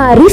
mari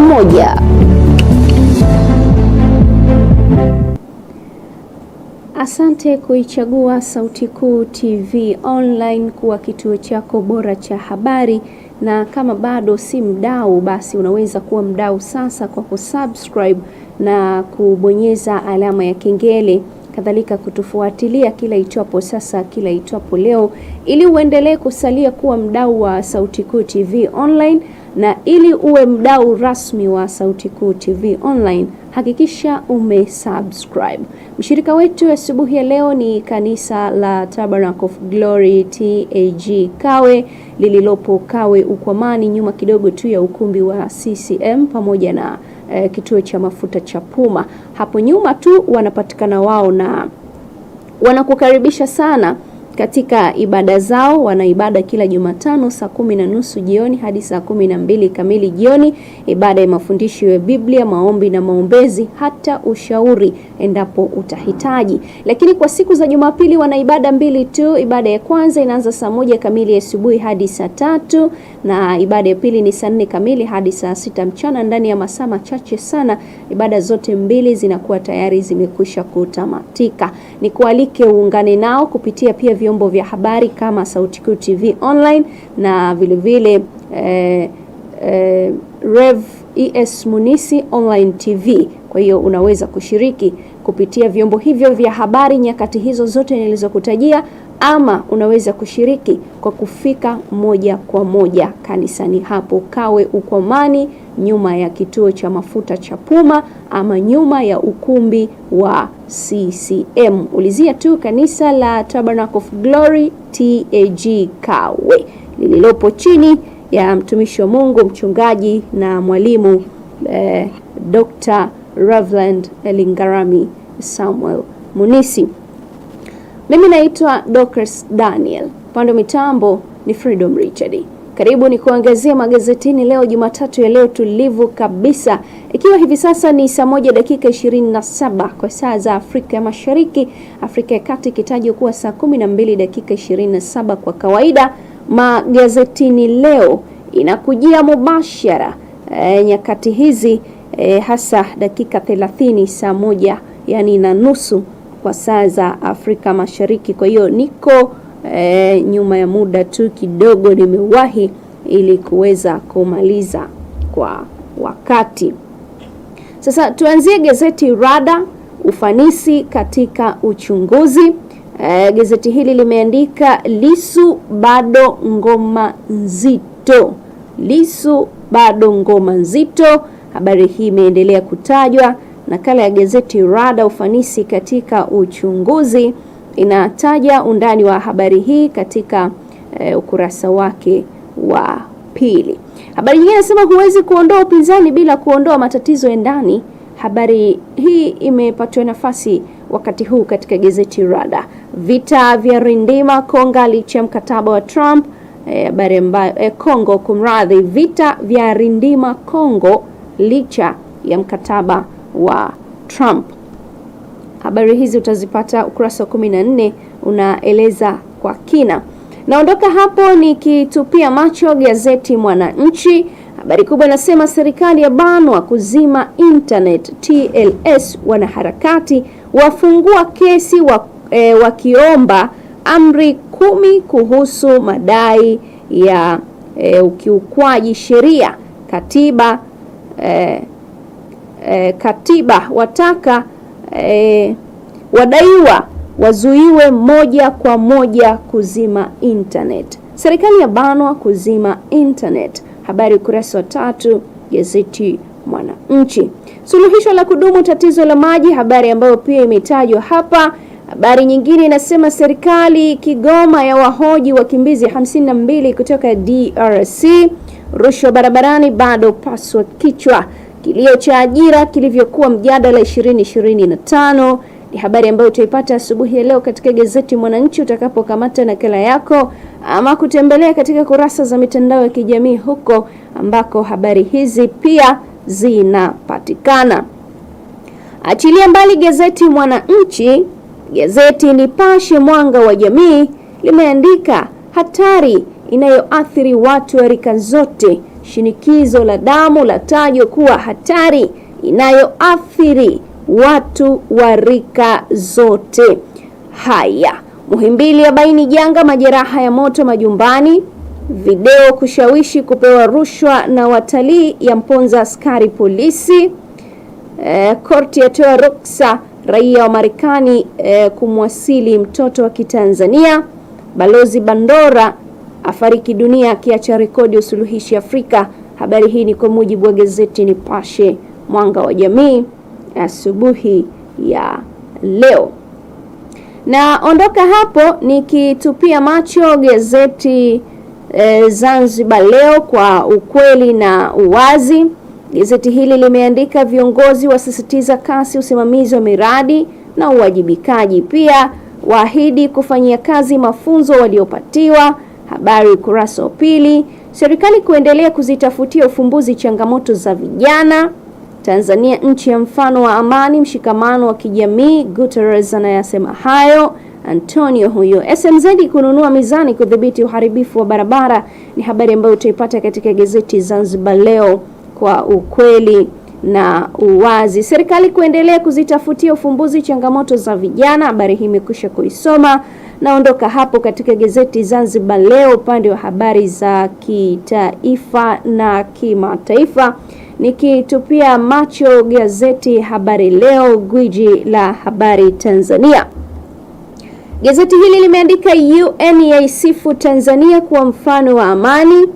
moja. Asante kuichagua Sauti Kuu TV Online kuwa kituo chako bora cha habari, na kama bado si mdau, basi unaweza kuwa mdau sasa kwa kusubscribe na kubonyeza alama ya kengele, kadhalika kutufuatilia kila itwapo sasa, kila itwapo leo, ili uendelee kusalia kuwa mdau wa Sauti Kuu TV Online na ili uwe mdau rasmi wa Sauti Kuu TV Online, hakikisha umesubscribe. Mshirika wetu asubuhi ya leo ni kanisa la Tabernacle of Glory TAG Kawe lililopo Kawe Ukwamani, nyuma kidogo tu ya ukumbi wa CCM pamoja na eh, kituo cha mafuta cha Puma. Hapo nyuma tu wanapatikana wao na wanakukaribisha sana katika ibada zao. Wana ibada kila Jumatano saa kumi na nusu jioni hadi saa kumi na mbili kamili jioni, ibada ya mafundisho ya Biblia, maombi na maombezi, hata ushauri endapo utahitaji. Lakini kwa siku za Jumapili wana ibada mbili tu. Ibada ya kwanza inaanza saa moja kamili asubuhi hadi saa tatu na ibada ya pili ni saa nne kamili hadi saa sita mchana. Ndani ya masaa machache sana ibada zote mbili zinakuwa tayari zimekwisha kutamatika. Nikualike uungane nao kupitia pia vyombo vya habari kama Sauti Kuu TV online na vile eh, eh, Rev ES Munisi online TV. Kwa hiyo unaweza kushiriki kupitia vyombo hivyo vya habari nyakati hizo zote nilizokutajia ama unaweza kushiriki kwa kufika moja kwa moja kanisani hapo Kawe Ukwamani, nyuma ya kituo cha mafuta cha Puma ama nyuma ya ukumbi wa CCM. Ulizia tu kanisa la Tabernacle of Glory TAG Kawe lililopo chini ya mtumishi wa Mungu mchungaji na mwalimu eh, Dr. Reverend Elingarami Samuel Munisi. Mimi naitwa Dorcas Daniel, pande mitambo ni Freedom Richard. Karibu ni kuangazia magazetini leo Jumatatu ya leo tulivu kabisa, ikiwa hivi sasa ni saa moja dakika 27 kwa saa za Afrika ya Mashariki, Afrika ya Kati ikitajwa kuwa saa 12 dakika 27. Kwa kawaida magazetini leo inakujia mubashara e, nyakati hizi e, hasa dakika 30 saa moja yani na nusu kwa saa za Afrika Mashariki. Kwa hiyo niko e, nyuma ya muda tu kidogo, nimewahi ili kuweza kumaliza kwa wakati. Sasa tuanzie gazeti Rada, ufanisi katika uchunguzi. E, gazeti hili limeandika Lisu bado ngoma nzito, Lisu bado ngoma nzito. Habari hii imeendelea kutajwa Nakala ya gazeti Rada Ufanisi katika Uchunguzi inataja undani wa habari hii katika e, ukurasa wake wa pili. Habari nyingine inasema huwezi kuondoa upinzani bila kuondoa matatizo ya ndani. Habari hii imepatiwa nafasi wakati huu katika gazeti Rada. Vita vya rindima Konga licha ya mkataba wa Trump. Eh, habari e, ambayo e, Kongo kumradhi, vita vya rindima Kongo licha ya mkataba wa Trump. Habari hizi utazipata ukurasa wa 14, unaeleza kwa kina. Naondoka hapo nikitupia macho gazeti Mwananchi. Habari kubwa inasema serikali ya banwa kuzima internet, TLS wanaharakati wafungua kesi wa, e, wakiomba amri kumi kuhusu madai ya e, ukiukwaji sheria katiba e, e, katiba wataka e, wadaiwa wazuiwe moja kwa moja kuzima internet. Serikali ya banwa kuzima internet. Habari ukurasa wa tatu gazeti Mwananchi. Suluhisho la kudumu tatizo la maji, habari ambayo pia imetajwa hapa. Habari nyingine inasema serikali Kigoma ya wahoji wakimbizi 52 kutoka DRC. Rushwa barabarani bado paswa kichwa kilio cha ajira kilivyokuwa mjadala 2025 ni habari ambayo utaipata asubuhi ya leo katika gazeti Mwananchi utakapokamata nakala yako ama kutembelea katika kurasa za mitandao ya kijamii huko ambako habari hizi pia zinapatikana. Achilia mbali gazeti Mwananchi, gazeti Nipashe Mwanga wa Jamii limeandika hatari inayoathiri watu wa rika zote shinikizo la damu latajwa kuwa hatari inayoathiri watu wa rika zote. Haya, Muhimbili baini janga majeraha ya moto majumbani. Video kushawishi kupewa rushwa na watalii ya mponza askari polisi. E, korti yatoa ruksa raia wa Marekani e, kumwasili mtoto wa Kitanzania. Balozi Bandora afariki dunia akiacha rekodi usuluhishi Afrika. Habari hii ni kwa mujibu wa gazeti Nipashe Mwanga wa Jamii asubuhi ya leo. Na ondoka hapo nikitupia macho gazeti e, Zanzibar Leo kwa ukweli na uwazi. Gazeti hili limeandika viongozi wasisitiza kasi usimamizi wa miradi na uwajibikaji, pia waahidi kufanyia kazi mafunzo waliopatiwa Habari ukurasa wa pili. Serikali kuendelea kuzitafutia ufumbuzi changamoto za vijana. Tanzania nchi ya mfano wa amani, mshikamano wa kijamii. Guterres anayasema hayo. Antonio huyo. SMZ kununua mizani kudhibiti uharibifu wa barabara ni habari ambayo utaipata katika gazeti Zanzibar leo kwa ukweli na uwazi. Serikali kuendelea kuzitafutia ufumbuzi changamoto za vijana. Habari hii imekwisha kuisoma. Naondoka hapo katika gazeti Zanzibar Leo, upande wa habari za kitaifa na kimataifa, nikitupia macho gazeti Habari Leo, gwiji la habari Tanzania. Gazeti hili limeandika UN yaisifu Tanzania kuwa mfano wa amani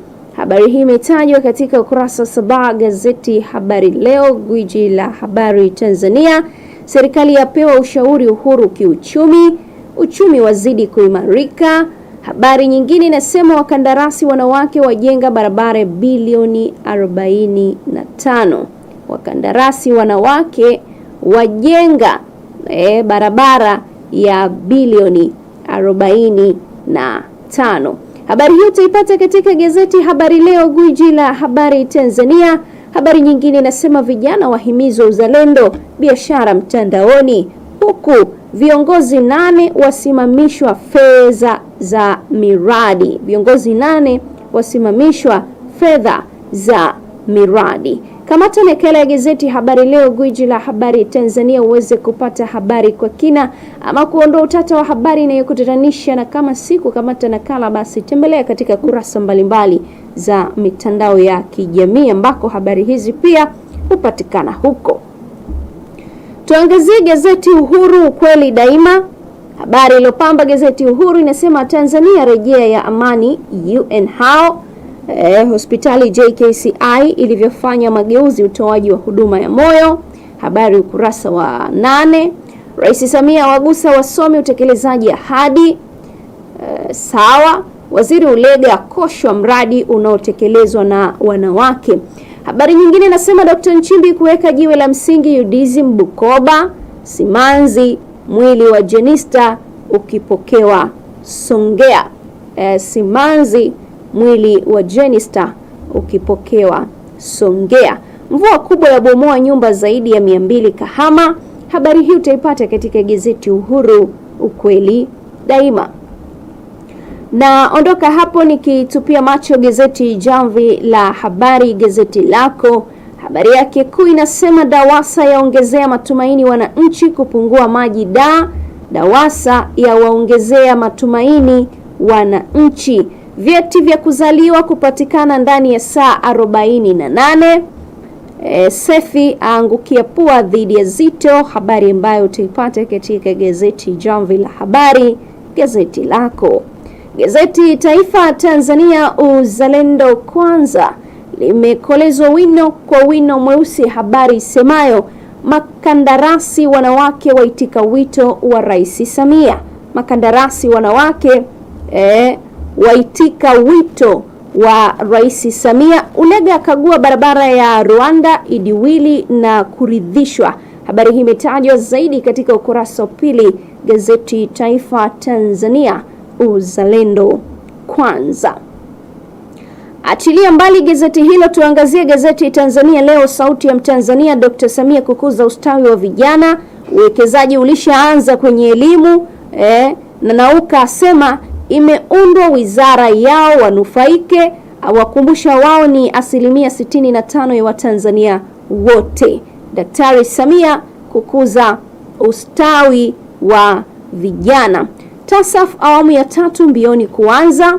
Habari hii imetajwa katika ukurasa wa saba gazeti Habari Leo, gwiji la habari Tanzania. Serikali yapewa ushauri Uhuru kiuchumi, uchumi wazidi kuimarika. Habari nyingine inasema wakandarasi wanawake wajenga barabara bilioni 45. Wakandarasi wanawake wajenga e, barabara ya bilioni 45. Habari hiyo utaipata katika gazeti Habari Leo, gwiji la habari Tanzania. Habari nyingine inasema vijana wahimizwa uzalendo, biashara mtandaoni, huku viongozi nane wasimamishwa fedha za miradi. Viongozi nane wasimamishwa fedha za miradi. Kamata nakala ya gazeti Habari Leo, gwiji la habari Tanzania, uweze kupata habari kwa kina ama kuondoa utata wa habari inayokutatanisha. Na kama si kukamata nakala, basi tembelea katika kurasa mbalimbali za mitandao ya kijamii ambako habari hizi pia hupatikana huko. Tuangazie gazeti Uhuru, ukweli daima. Habari iliyopamba gazeti Uhuru inasema Tanzania rejea ya amani, UN hao eh, hospitali JKCI ilivyofanya mageuzi utoaji wa huduma ya moyo, habari ukurasa wa nane. Rais Samia wagusa wasomi utekelezaji ahadi. Eh, sawa. Waziri Ulega akoshwa mradi unaotekelezwa na wanawake. Habari nyingine nasema Dr. Nchimbi kuweka jiwe la msingi UDSM Bukoba. Simanzi mwili wa Jenista ukipokewa Songea. Eh, simanzi mwili wa Jenista ukipokewa Songea. Mvua kubwa ya bomoa nyumba zaidi ya mia mbili Kahama. Habari hii utaipata katika gazeti Uhuru, ukweli daima. Na ondoka hapo nikitupia macho gazeti Jamvi la Habari, gazeti lako habari yake kuu inasema DAWASA yaongezea matumaini wananchi kupungua maji da DAWASA yawaongezea matumaini wananchi vyeti vya kuzaliwa kupatikana ndani ya saa 48. E, Sefi aangukia pua dhidi ya Zito, habari ambayo utaipata katika gazeti Jamvi la Habari, gazeti lako. Gazeti Taifa Tanzania Uzalendo Kwanza limekolezwa wino kwa wino mweusi habari semayo makandarasi wanawake waitika wito wa Rais Samia. Makandarasi wanawake eh, waitika wito wa Rais Samia. Ulega akagua barabara ya Rwanda idiwili na kuridhishwa. Habari hii imetajwa zaidi katika ukurasa wa pili gazeti Taifa Tanzania Uzalendo Kwanza. Achilia mbali gazeti hilo, tuangazie gazeti Tanzania Leo, sauti ya Mtanzania. Dr. Samia kukuza ustawi wa vijana, uwekezaji ulishaanza kwenye elimu. eh, na Nauka asema imeundwa wizara yao wanufaike, awakumbusha wao ni asilimia 65 ya Watanzania wote. Daktari Samia kukuza ustawi wa vijana. TASAF awamu ya tatu mbioni kuanza.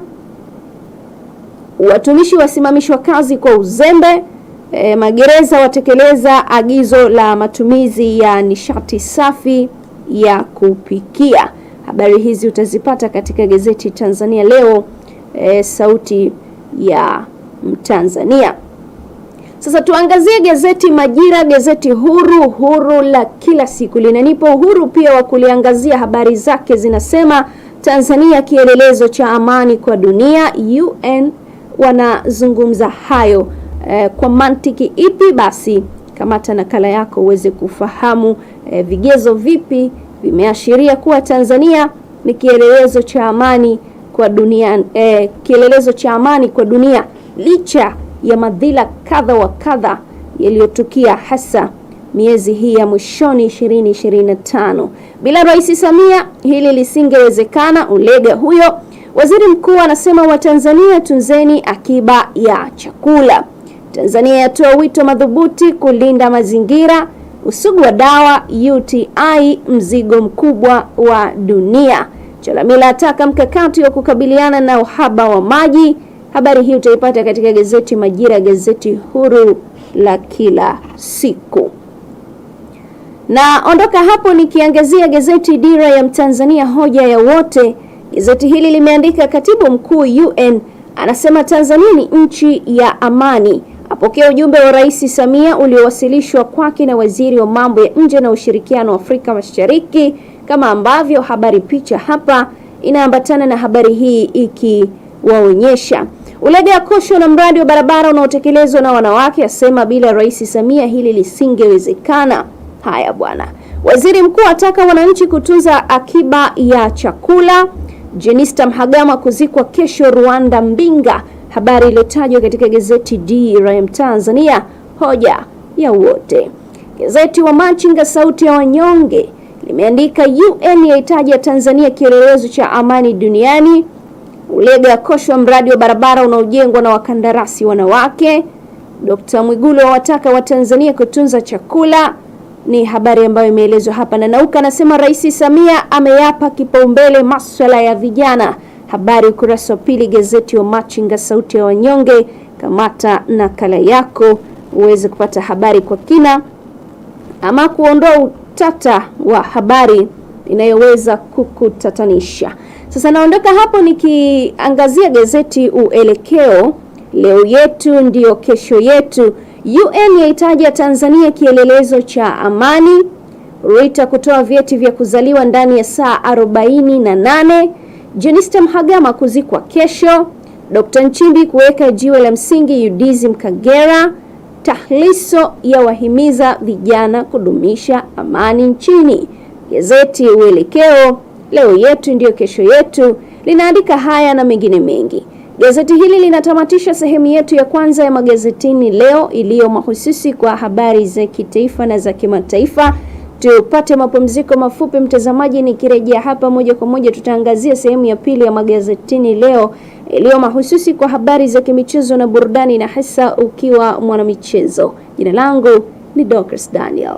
Watumishi wasimamishwa kazi kwa uzembe. E, magereza watekeleza agizo la matumizi ya nishati safi ya kupikia. Habari hizi utazipata katika gazeti Tanzania Leo, e, sauti ya Mtanzania. Sasa tuangazie gazeti Majira, gazeti huru, huru la kila siku, linanipa uhuru pia wa kuliangazia. Habari zake zinasema Tanzania kielelezo cha amani kwa dunia, UN wanazungumza hayo e, kwa mantiki ipi? Basi kamata nakala yako uweze kufahamu e, vigezo vipi vimeashiria kuwa Tanzania ni kielelezo cha amani kwa dunia, eh, kielelezo cha amani kwa dunia licha ya madhila kadha wa kadha yaliyotukia hasa miezi hii ya mwishoni 2025. Bila Rais Samia hili lisingewezekana, Ulega huyo. Waziri Mkuu anasema Watanzania, tunzeni akiba ya chakula. Tanzania yatoa wito madhubuti kulinda mazingira usugu wa dawa UTI mzigo mkubwa wa dunia. Chalamila ataka mkakati wa kukabiliana na uhaba wa maji. Habari hii utaipata katika gazeti Majira, gazeti huru la kila siku. Na ondoka hapo nikiangazia gazeti Dira ya Mtanzania, hoja ya wote. Gazeti hili limeandika katibu mkuu UN anasema Tanzania ni nchi ya amani apokea ujumbe wa Rais Samia uliowasilishwa kwake na Waziri wa Mambo ya Nje na Ushirikiano wa Afrika Mashariki, kama ambavyo habari picha hapa inaambatana na habari hii ikiwaonyesha. Ulega Kosho na mradi wa barabara unaotekelezwa na wanawake asema bila Rais Samia hili lisingewezekana. Haya bwana. Waziri Mkuu ataka wananchi kutunza akiba ya chakula. Jenista Mhagama kuzikwa kesho Rwanda Mbinga habari iliyotajwa katika gazeti DRM Tanzania, hoja ya wote. Gazeti wa Machinga, sauti ya wanyonge, limeandika UN yaitaja Tanzania kielelezo cha amani duniani. Ulega akoshwa mradi wa barabara unaojengwa na wakandarasi wanawake. Dkt. Mwigulu awataka Watanzania kutunza chakula, ni habari ambayo imeelezwa hapa na Nauka anasema Rais Samia ameyapa kipaumbele masuala ya vijana habari ukurasa wa pili gazeti wa Machinga sauti ya wanyonge. Kamata nakala yako uweze kupata habari kwa kina ama kuondoa utata wa habari inayoweza kukutatanisha. Sasa naondoka hapo nikiangazia gazeti Uelekeo, leo yetu ndiyo kesho yetu. UN yaitaja Tanzania kielelezo cha amani. Rita kutoa vyeti vya kuzaliwa ndani ya saa 48. Jenista Mhagama kuzikwa kesho, Dkt. Nchimbi kuweka jiwe la msingi UDSM Kagera, tahliso ya wahimiza vijana kudumisha amani nchini. Gazeti Uelekeo, leo yetu ndiyo kesho yetu, linaandika haya na mengine mengi. Gazeti hili linatamatisha sehemu yetu ya kwanza ya magazetini leo iliyo mahususi kwa habari za kitaifa na za kimataifa tupate mapumziko mafupi mtazamaji. Nikirejea hapa moja kwa moja, tutaangazia sehemu ya pili ya magazetini leo iliyo mahususi kwa habari za kimichezo na burudani, na hasa ukiwa mwanamichezo. Jina langu ni Dorcas Daniel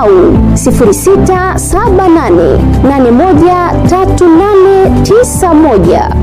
au 0678813891.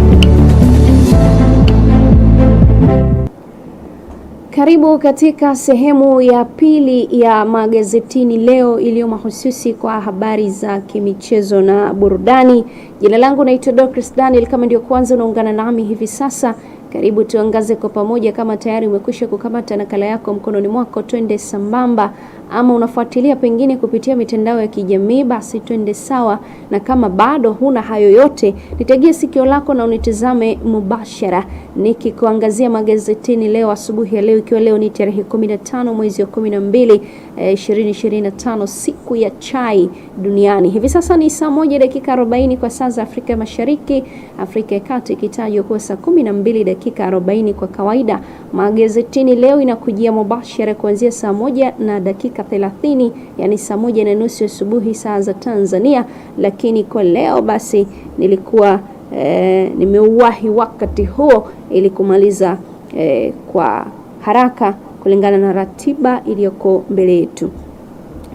Karibu katika sehemu ya pili ya magazetini leo iliyo mahususi kwa habari za kimichezo na burudani. Jina langu naitwa Dorcas Daniel. Kama ndio kwanza unaungana nami hivi sasa karibu tuangaze kwa pamoja. Kama tayari umekwisha kukamata nakala yako mkononi mwako, twende sambamba ama unafuatilia pengine kupitia mitandao ya kijamii, basi twende sawa, na kama bado huna hayo yote, nitegee sikio lako na unitizame mubashara nikikuangazia magazetini leo asubuhi ya leo, ikiwa leo ni tarehe 15 mwezi wa 12 2025, eh, siku ya chai duniani. Hivi sasa ni saa moja dakika 40 kwa saa za Afrika Mashariki, Afrika ya Kati ikitajwa kuwa saa 12 dakika 40 kwa kawaida Magazetini leo inakujia mubashara kuanzia saa moja na dakika 30, yani saa moja na nusu asubuhi saa za Tanzania. Lakini kwa leo basi nilikuwa e, nimeuwahi wakati huo ili kumaliza e, kwa haraka kulingana na ratiba iliyoko mbele yetu.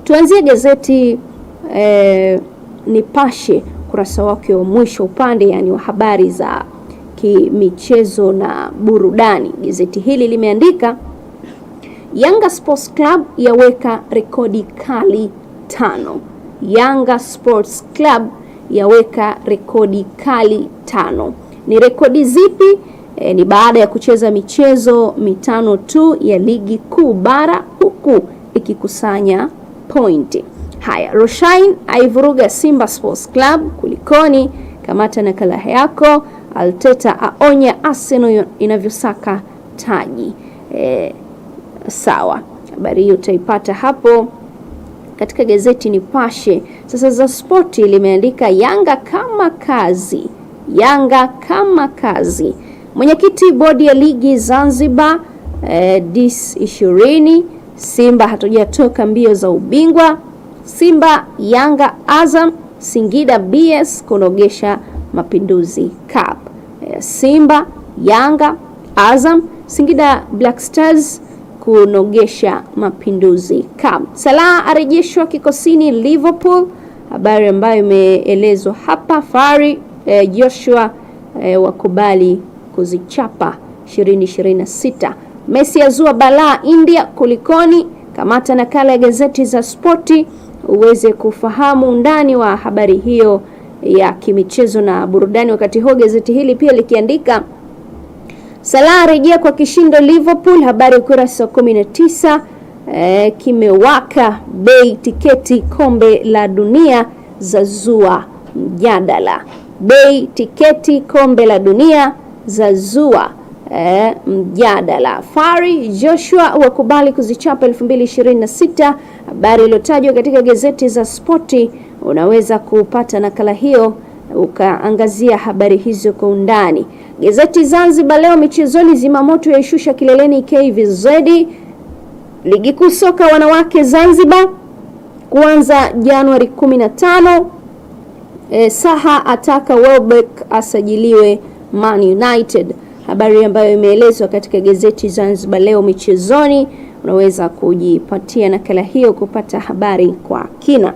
Tuanzie gazeti e, Nipashe kurasa wake wa mwisho upande yani wa habari za kimichezo na burudani. Gazeti hili limeandika Yanga Sports Club yaweka rekodi kali tano. Yanga Sports Club yaweka rekodi kali tano. Ni rekodi zipi? E, ni baada ya kucheza michezo mitano tu ya ligi kuu bara huku ikikusanya pointi. Haya, Roshine aivuruga Simba Sports Club, kulikoni? Kamata nakala yako. Arteta aonye Arsenal inavyosaka taji. E, sawa, habari hiyo utaipata hapo katika gazeti Nipashe. Sasa za spoti limeandika Yanga kama kazi, Yanga kama kazi. Mwenyekiti bodi ya ligi Zanzibar e, dis ishirini Simba hatujatoka mbio za ubingwa. Simba Yanga Azam Singida BS kunogesha Mapinduzi Cup. Eh, Simba, Yanga, Azam, Singida Black Stars kunogesha Mapinduzi Cup. Salah arejeshwa kikosini Liverpool, habari ambayo imeelezwa hapa. Fari eh, Joshua eh, wakubali kuzichapa 2026. Messi azua balaa India, kulikoni? Kamata nakala ya gazeti za spoti uweze kufahamu undani wa habari hiyo ya kimichezo na burudani. Wakati huo gazeti hili pia likiandika Salah arejea kwa kishindo Liverpool, habari ya ukurasa wa 19. E, eh, kimewaka bei tiketi kombe la dunia za zua mjadala. Bei tiketi kombe la dunia zua e, mjadala. Fari Joshua wakubali kuzichapa 2026, habari iliyotajwa katika gazeti za spoti unaweza kupata nakala hiyo ukaangazia habari hizo kwa undani. Gazeti Zanzibar Leo michezoni, Zimamoto yaishusha kileleni KVZ. Ligi kuu soka wanawake Zanzibar kuanza Januari 15. E, Saha ataka Welbeck asajiliwe Man United, habari ambayo imeelezwa katika gazeti Zanzibar Leo michezoni. Unaweza kujipatia nakala hiyo kupata habari kwa kina.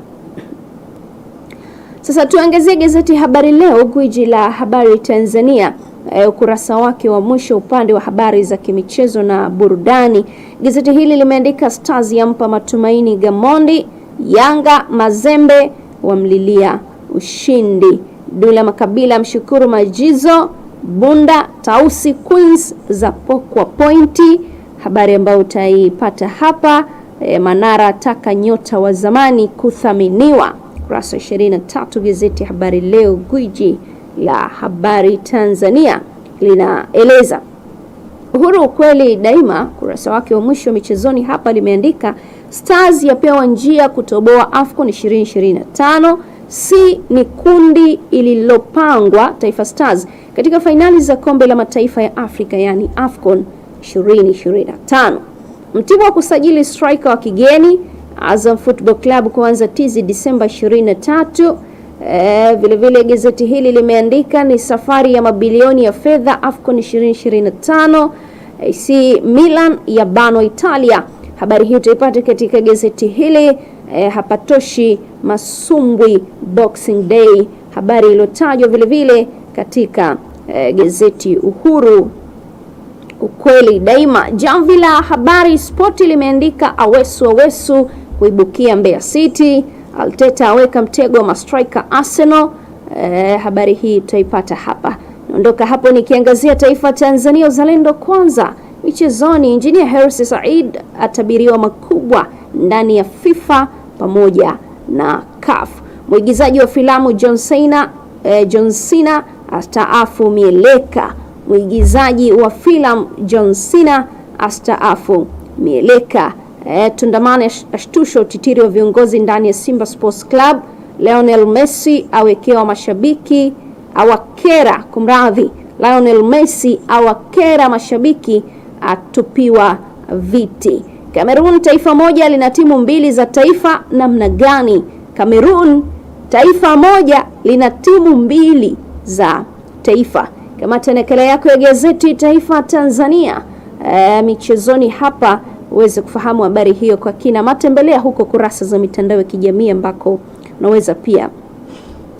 Sasa tuangazie gazeti Habari Leo, gwiji la habari Tanzania. E, ukurasa wake wa mwisho upande wa habari za kimichezo na burudani. Gazeti hili limeandika Stars yampa matumaini Gamondi, Yanga Mazembe wamlilia ushindi, Dula Makabila mshukuru majizo, Bunda Tausi Queens za pokwa pointi, habari ambayo utaipata hapa. E, Manara taka nyota wa zamani kuthaminiwa ukurasa 23 gazeti ya Habari Leo, gwiji la habari Tanzania linaeleza Uhuru ukweli daima, kurasa wake wa mwisho michezoni hapa limeandika Stars yapewa njia kutoboa AFCON 2025 si ni kundi ililopangwa Taifa Stars katika fainali za kombe la mataifa ya Afrika yani AFCON 2025. Mtibwa wa kusajili striker wa kigeni Azam Football Club kuanza tizi Disemba 23. Eh, vile vile gazeti hili limeandika ni safari ya mabilioni ya fedha Afcon 2025 AC eh, Milan ya bano Italia. Habari hii utaipata katika gazeti hili eh. Hapatoshi masumbwi Boxing Day, habari iliyotajwa vile vile katika eh, gazeti Uhuru ukweli daima. Jamvi la habari spoti limeandika awesu awesu kuibukia Mbeya City. Arteta aweka mtego wa mastrika Arsenal. E, habari hii tutaipata hapa. Naondoka hapo nikiangazia taifa Tanzania, uzalendo kwanza. Michezoni, Engineer Hersi Said atabiriwa makubwa ndani ya FIFA pamoja na CAF. Mwigizaji wa filamu John Cena, eh, John Cena astaafu mieleka. Mwigizaji wa filamu John Cena astaafu mieleka. E, Tundamane ashtusha utitiri wa viongozi ndani ya Simba Sports Club. Lionel Messi awekewa mashabiki awakera, kumradhi, Lionel Messi awakera mashabiki, atupiwa viti. Kamerun, taifa moja lina timu mbili za taifa, namna gani? Kamerun, taifa moja lina timu mbili za taifa. Kama tenekele yako ya gazeti Taifa Tanzania, e, michezoni hapa uweze kufahamu habari hiyo kwa kina, matembelea huko kurasa za mitandao ya kijamii ambako unaweza pia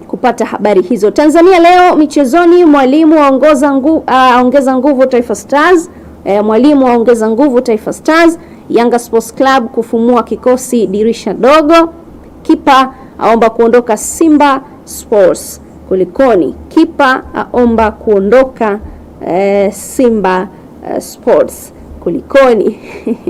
kupata habari hizo. Tanzania leo michezoni, mwalimu aongeza nguvu ah, aongeza nguvu Taifa Stars. E, mwalimu aongeza nguvu Taifa Stars. Yanga Sports Club kufumua kikosi dirisha dogo. Kipa aomba kuondoka Simba Sports. Kulikoni, kipa aomba kuondoka e, Simba e, Sports kulikoni?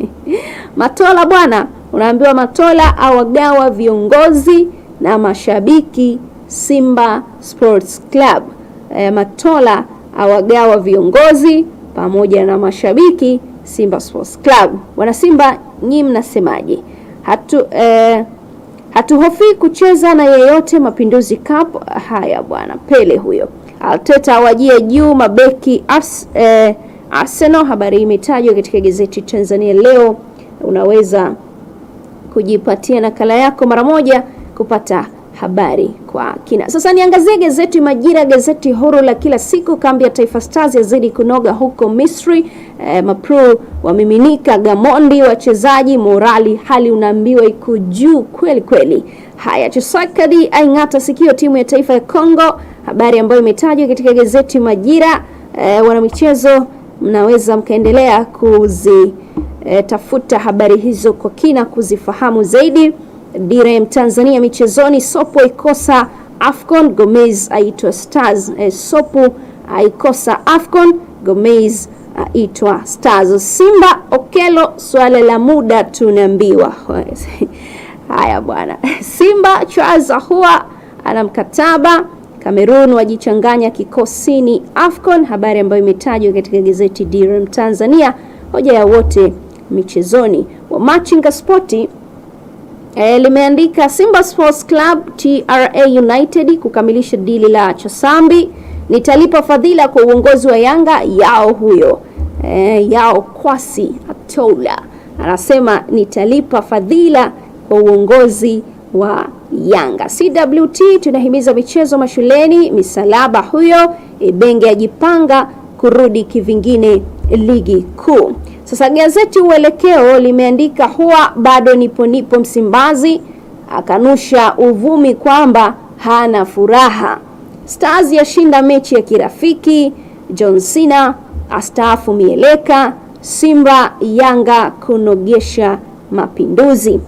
Matola bwana, unaambiwa Matola awagawa viongozi na mashabiki Simba Sports Club. E, Matola awagawa viongozi pamoja na mashabiki Simba Sports Club. Wana Simba nyinyi mnasemaje? Hatu e, hatuhofii kucheza na yeyote Mapinduzi Cup. Haya bwana, Pele huyo. Arteta awajie juu mabeki as, eh, Arsenal. Habari hii imetajwa katika gazeti Tanzania Leo. Unaweza kujipatia nakala yako mara moja kupata habari kwa kina. Sasa niangazie gazeti Majira, gazeti huru la kila siku. Kambi ya Taifa Stars yazidi kunoga huko Misri. E, mapro wamiminika Gamondi, wachezaji morali, hali unaambiwa iko juu kweli kweli. Haya, Chisakadi aing'ata sikio timu ya taifa ya Kongo, habari ambayo imetajwa katika gazeti Majira. E, wanamichezo mnaweza mkaendelea kuzitafuta habari hizo kwa kina kuzifahamu zaidi. Dira ya Mtanzania michezoni, Sopo ikosa Afcon, Gomez aitwa Stars. E, Sopo aikosa ah, Afcon, Gomez ah, aitwa Stars. Simba Okelo, swala la muda tunaambiwa. Haya bwana, Simba Charles Ahoua ana mkataba kamerun wajichanganya kikosini AFCON, habari ambayo imetajwa katika gazeti DRM Tanzania, hoja ya wote michezoni. Wamachinga Sporti eh, limeandika Simba Sports Club TRA United kukamilisha dili la Chasambi, nitalipa fadhila kwa uongozi wa Yanga yao huyo eh, yao Kwasi Atola anasema nitalipa fadhila kwa uongozi wa Yanga. CWT tunahimiza michezo mashuleni, misalaba huyo Ibenge eh, ajipanga kurudi kivingine ligi kuu. Sasa gazeti Uelekeo limeandika huwa bado nipo nipo Msimbazi, akanusha uvumi kwamba hana furaha. Stars yashinda mechi ya kirafiki. John Cena astaafu mieleka. Simba Yanga kunogesha mapinduzi.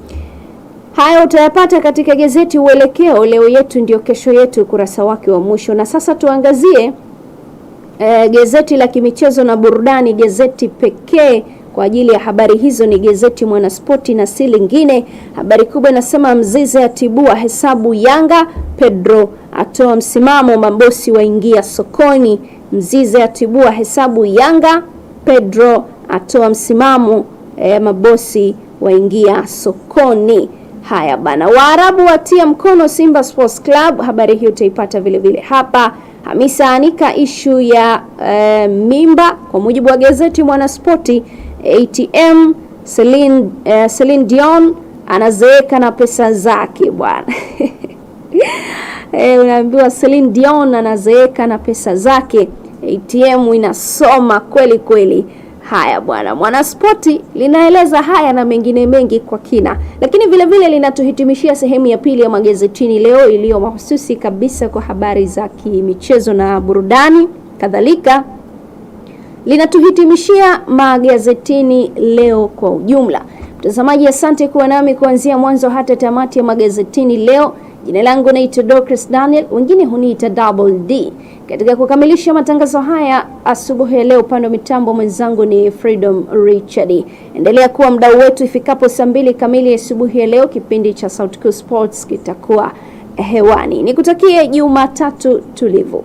Hayo utayapata katika gazeti Uelekeo, leo yetu ndio kesho yetu, ukurasa wake wa mwisho. Na sasa tuangazie e, gazeti la kimichezo na burudani. Gazeti pekee kwa ajili ya habari hizo ni gazeti Mwanaspoti na si lingine. Habari kubwa inasema Mzize atibua hesabu Yanga, Pedro atoa msimamo, mabosi waingia sokoni. Mzize atibua hesabu Yanga, Pedro atoa msimamo, e, mabosi waingia sokoni. Haya bana, Waarabu watia mkono Simba Sports Club. Habari hiyo utaipata vile vile hapa. Hamisa anika ishu ya e, mimba kwa mujibu wa gazeti Mwanaspoti. ATM Celine, e, Celine Dion anazeeka na pesa zake bwana e, unaambiwa Celine Dion anazeeka na pesa zake. ATM inasoma kweli kweli. Haya bwana, Mwanaspoti linaeleza haya na mengine mengi kwa kina, lakini vile vile linatuhitimishia sehemu ya pili ya magazetini leo iliyo mahususi kabisa kwa habari za kimichezo na burudani. Kadhalika linatuhitimishia magazetini leo kwa ujumla. Mtazamaji, asante kuwa nami kuanzia mwanzo hata tamati ya magazetini leo. Jina langu naitwa Dorcas Daniel, wengine huniita Double D. Katika kukamilisha matangazo haya asubuhi ya leo, upande wa mitambo mwenzangu ni Freedom Richard. Endelea kuwa mdau wetu ifikapo saa mbili kamili asubuhi ya leo, kipindi cha South Coast Sports kitakuwa hewani. Nikutakie Jumatatu tulivu.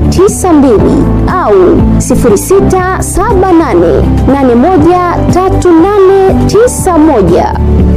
9292 au 0678813891.